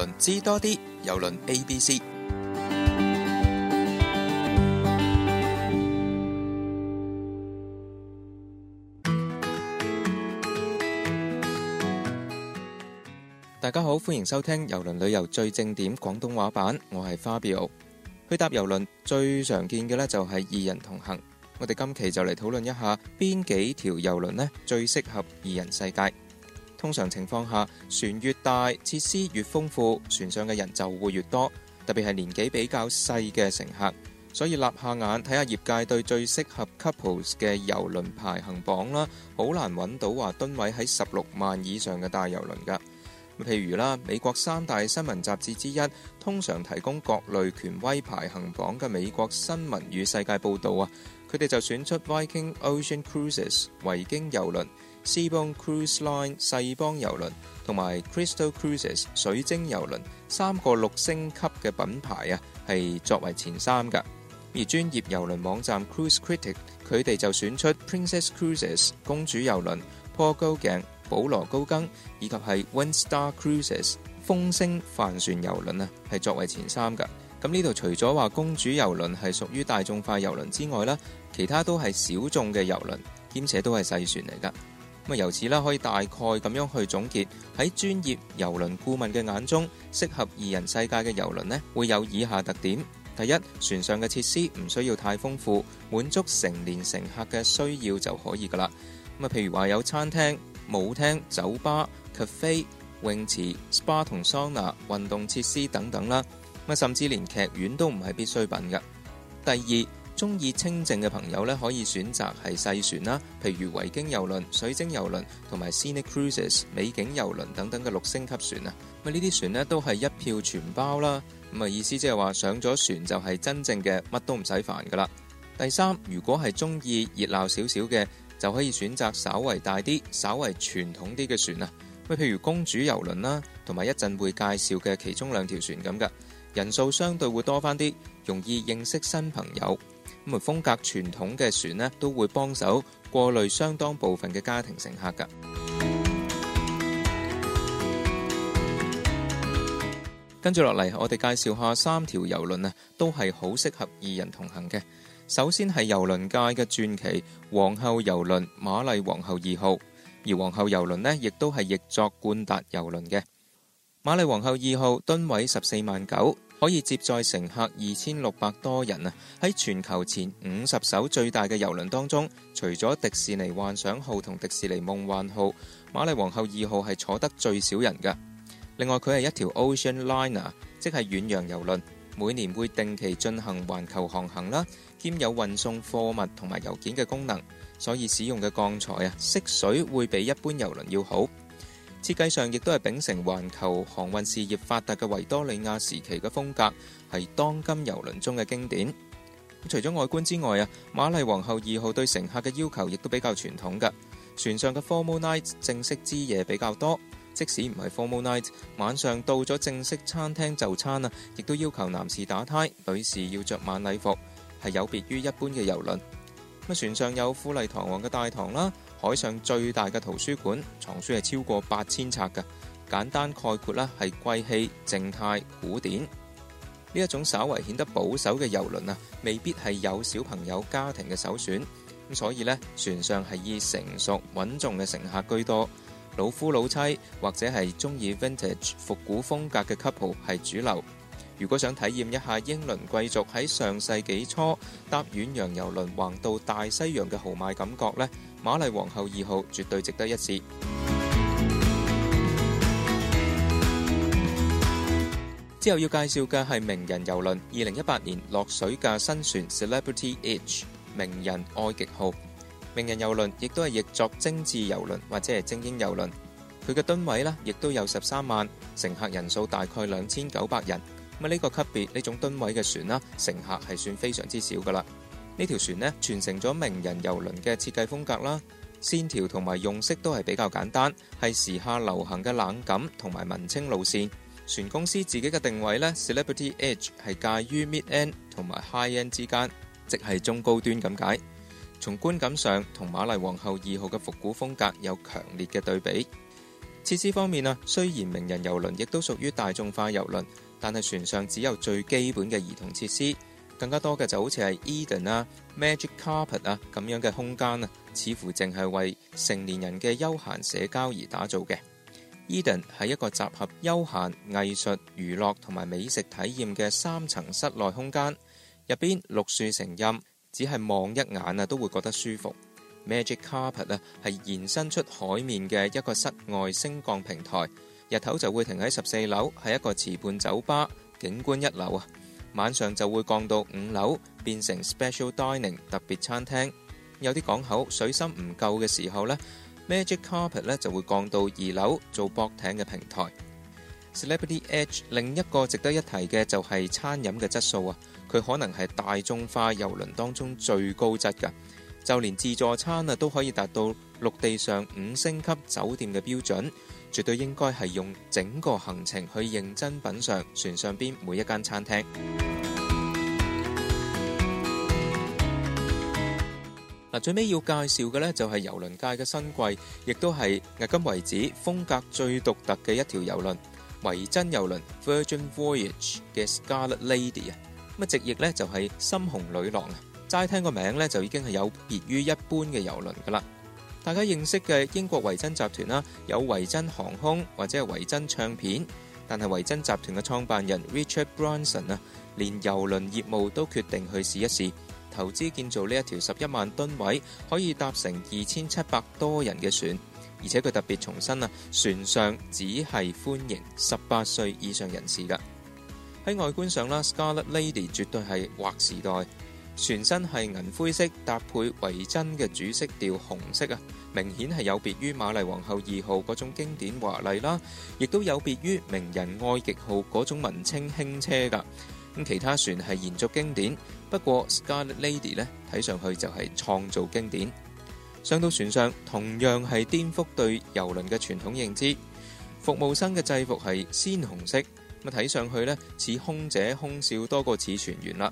輪知多啲，遊輪 A B C。大家好，歡迎收聽遊輪旅遊最正點廣東話版，我係花 Biu。去搭遊輪最常見嘅咧就係二人同行，我哋今期就嚟討論一下邊幾條遊輪呢最適合二人世界。通常情況下，船越大，設施越豐富，船上嘅人就會越多，特別係年紀比較細嘅乘客。所以立下眼睇下業界對最適合 couples 嘅遊輪排行榜啦，好難揾到話噸位喺十六萬以上嘅大遊輪㗎。譬如啦，美國三大新聞雜誌之一，通常提供各類權威排行榜嘅美國新聞與世界報導啊，佢哋就選出 Viking Ocean Cruises 維京遊輪。Seabourn Cruise Line、世邦遊輪同埋 Crystal Cruises 水晶遊輪三個六星級嘅品牌啊，係作為前三㗎。而專業遊輪網站 Cruise Critic 佢哋就選出 Princess Cruises 公主遊輪、Paul Gauguin 保羅高更以及係 Windstar Cruises 風星帆船遊輪啊，係作為前三㗎。咁呢度除咗話公主遊輪係屬於大眾化遊輪之外啦，其他都係小眾嘅遊輪，兼且都係細船嚟㗎。咁由此啦，可以大概咁樣去總結喺專業遊輪顧問嘅眼中，適合二人世界嘅遊輪呢，會有以下特點：第一，船上嘅設施唔需要太豐富，滿足成年乘客嘅需要就可以噶啦。咁譬如話有餐廳、舞廳、酒吧、cafe、泳池、SPA 同桑拿、運動設施等等啦。咁甚至連劇院都唔係必需品嘅。第二中意清靜嘅朋友咧，可以選擇係細船啦，譬如維京遊輪、水晶遊輪同埋 Scenic Cruises 美景遊輪等等嘅六星級船啊。咁呢啲船呢，都係一票全包啦。咁啊，意思即係話上咗船就係真正嘅乜都唔使煩噶啦。第三，如果係中意熱鬧少少嘅，就可以選擇稍為大啲、稍為傳統啲嘅船啊。譬如公主遊輪啦，同埋一陣會，會介紹嘅其中兩條船咁噶，人數相對會多翻啲，容易認識新朋友。咁啊，風格傳統嘅船呢，都會幫手過濾相當部分嘅家庭乘客噶。跟住落嚟，我哋介紹下三條遊輪啊，都係好適合二人同行嘅。首先係遊輪界嘅傳奇皇后遊輪——瑪麗皇后二號。而皇后遊輪呢，亦都係譯作冠達遊輪嘅瑪麗皇后二號，噸位十四萬九。可以接載乘客二千六百多人啊！喺全球前五十艘最大嘅遊輪當中，除咗迪士尼幻想號同迪士尼夢幻號，瑪麗皇后二號係坐得最少人㗎。另外，佢係一條 Ocean Liner，即係遠洋遊輪，每年會定期進行環球航行啦，兼有運送貨物同埋郵件嘅功能，所以使用嘅鋼材啊，色水會比一般遊輪要好。設計上亦都係秉承環球航運事業發達嘅維多利亞時期嘅風格，係當今郵輪中嘅經典。除咗外觀之外啊，《瑪麗皇后二號》對乘客嘅要求亦都比較傳統嘅，船上嘅 formal night 正式之夜比較多。即使唔係 formal night，晚上到咗正式餐廳就餐啊，亦都要求男士打呔，女士要着晚禮服，係有別於一般嘅郵輪。船上有富麗堂皇嘅大堂啦，海上最大嘅圖書館，藏書係超過八千冊㗎。簡單概括啦，係貴氣、靜態、古典呢一種稍為顯得保守嘅遊輪啊，未必係有小朋友家庭嘅首選。咁所以呢，船上係以成熟穩重嘅乘客居多，老夫老妻或者係中意 vintage 復古風格嘅 couple 係主流。如果想體驗一下英倫貴族喺上世紀初搭遠洋遊輪橫渡大西洋嘅豪邁感覺呢，《瑪麗皇后二號》絕對值得一試。之後要介紹嘅係名人遊輪，二零一八年落水嘅新船《Celebrity Edge》名人愛極號。名人遊輪亦都係譯作精緻遊輪或者係精英遊輪，佢嘅噸位呢亦都有十三萬，乘客人數大概兩千九百人。咁呢個級別呢種噸位嘅船啦，乘客係算非常之少㗎喇。呢條船呢，傳承咗名人遊輪嘅設計風格啦，線條同埋用色都係比較簡單，係時下流行嘅冷感同埋文青路線。船公司自己嘅定位呢，Celebrity Edge 係介於 Mid End 同埋 High End 之間，即係中高端咁解。從觀感上同《瑪麗皇后二號》嘅復古風格有強烈嘅對比。設施方面啊，雖然名人遊輪亦都屬於大眾化遊輪。但係船上只有最基本嘅兒童設施，更加多嘅就好似係 Eden 啊、Magic Carpet 啊咁樣嘅空間啊，似乎淨係為成年人嘅休閒社交而打造嘅。Eden 係一個集合休閒、藝術、娛樂同埋美食體驗嘅三層室內空間，入邊綠樹成蔭，只係望一眼啊都會覺得舒服。Magic Carpet 啊係延伸出海面嘅一個室外升降平台。日頭就會停喺十四樓，係一個池畔酒吧，景觀一流啊！晚上就會降到五樓，變成 special dining 特別餐廳。有啲港口水深唔夠嘅時候呢 magic carpet 呢就會降到二樓做駁艇嘅平台。Celebrity Edge 另一個值得一提嘅就係餐飲嘅質素啊，佢可能係大眾化遊輪當中最高質㗎，就連自助餐啊都可以達到。陸地上五星級酒店嘅標準，絕對應該係用整個行程去認真品嘗船上邊每一間餐廳。嗱， 最尾要介紹嘅呢，就係遊輪界嘅新貴，亦都係迄今為止風格最獨特嘅一條遊輪維珍遊輪 Virgin Voyage 嘅 Scarlet Lady 啊，咁直譯呢，就係深紅女郎啊，齋聽個名呢，就已經係有別於一般嘅遊輪㗎啦。大家認識嘅英國維珍集團啦，有維珍航空或者係維珍唱片，但係維珍集團嘅創辦人 Richard Branson 啊，連遊輪業務都決定去試一試，投資建造呢一條十一萬噸位可以搭乘二千七百多人嘅船，而且佢特別重申啊，船上只係歡迎十八歲以上人士噶。喺外觀上啦，Scarlet Lady 絕對係劃時代。船身係銀灰色搭配維珍嘅主色調紅色啊，明顯係有別於瑪麗皇后二號嗰種經典華麗啦，亦都有別於名人愛極號嗰種文青輕車噶。咁其他船係延續經典，不過 Scarlet Lady 呢睇上去就係創造經典。上到船上，同樣係顛覆對遊輪嘅傳統認知。服務生嘅制服係鮮紅色，咁睇上去呢，似空姐空少多過似船員啦。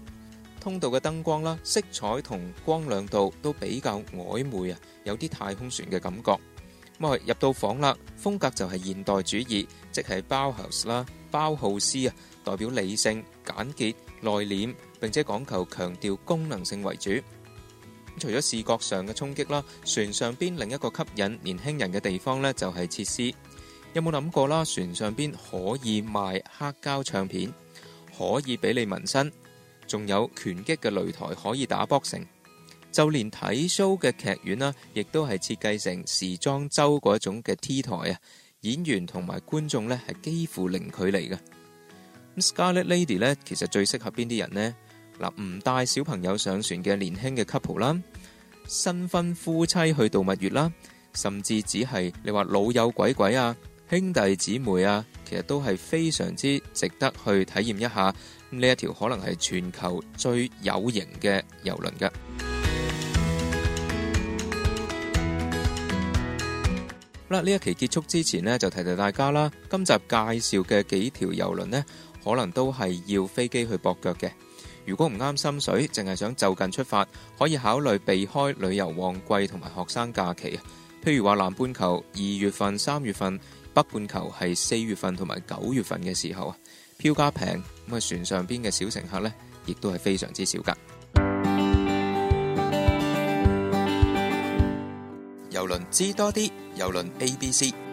通道嘅燈光啦，色彩同光亮度都比較曖昧啊，有啲太空船嘅感覺。咁啊，入到房啦，風格就係現代主義，即係包豪斯啦，包豪斯啊，代表理性、簡潔、內斂，並且講求強調功能性為主。除咗視覺上嘅衝擊啦，船上邊另一個吸引年輕人嘅地方呢，就係設施。有冇諗過啦？船上邊可以賣黑膠唱片，可以俾你紋身。仲有拳擊嘅擂台可以打 boxing，就連睇 show 嘅劇院啦、啊，亦都係設計成時裝周嗰種嘅 T 台啊！演員同埋觀眾呢係幾乎零距離嘅。Scarlet Lady 呢，其實最適合邊啲人呢？嗱，唔帶小朋友上船嘅年輕嘅 couple 啦，新婚夫妻去度蜜月啦，甚至只係你話老友鬼鬼啊、兄弟姊妹啊，其實都係非常之值得去體驗一下。呢一條可能係全球最有型嘅遊輪嘅。好啦，呢一期結束之前呢就提提大家啦。今集介紹嘅幾條遊輪呢，可能都係要飛機去駁腳嘅。如果唔啱心水，淨係想就近出發，可以考慮避開旅遊旺季同埋學生假期啊。譬如話南半球二月份、三月份，北半球係四月份同埋九月份嘅時候啊。票價平，咁船上邊嘅小乘客呢，亦都係非常之少㗎。遊輪知多啲，遊輪 ABC。